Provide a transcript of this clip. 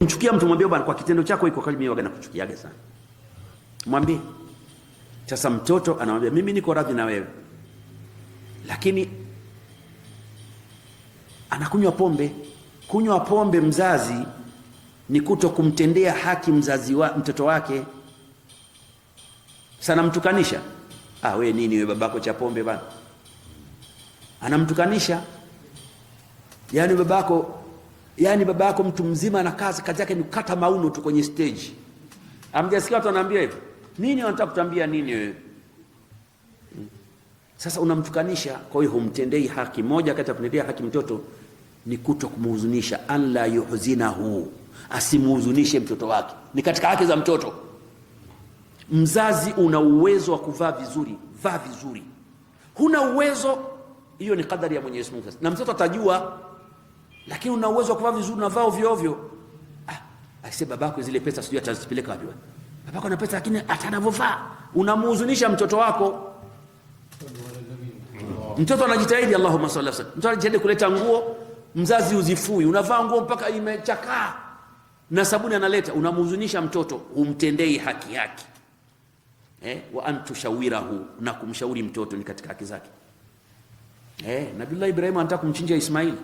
Mchukia mtu mwambie bwana, kwa kitendo chako iko kali, mimi na nakuchukiaga sana. Mwambie. Sasa mtoto anamwambia mimi niko radhi na wewe, lakini anakunywa pombe. Kunywa pombe mzazi ni kuto kumtendea haki mzazi wa mtoto wake. Sana mtukanisha, ah, we nini we babako cha pombe bana, anamtukanisha yaani babako yani baba yako mtu mzima na kazi kazi yake ni kukata mauno tu kwenye stage. Amjasikia watu wanaambia hivyo nini? Wanataka kutambia nini wewe? Sasa unamtukanisha, kwa hiyo humtendei haki. Moja kati ya kumtendea haki mtoto ni kuto kumhuzunisha, an la yuhzinahu, asimhuzunishe mtoto wake, ni katika haki za mtoto. Mzazi una uwezo wa kuvaa vizuri, vaa vizuri. Huna uwezo, hiyo ni kadari ya Mwenyezi Mungu. na mtoto atajua lakini una uwezo wa kuvaa vizuri, unavaa ovyo ovyo. Ah, aise, babako zile pesa sijui atazipeleka wapi? Babako ana pesa, lakini atanavovaa unamhuzunisha mtoto wako. Mtoto anajitahidi, Allahumma salli wasallam, mtoto anajitahidi kuleta nguo, mzazi uzifui, unavaa nguo mpaka imechakaa na sabuni analeta, unamhuzunisha mtoto, umtendei haki yake eh, wa antushawirahu, na kumshauri mtoto ni katika haki zake eh. Nabii Ibrahim anataka kumchinja Ismaili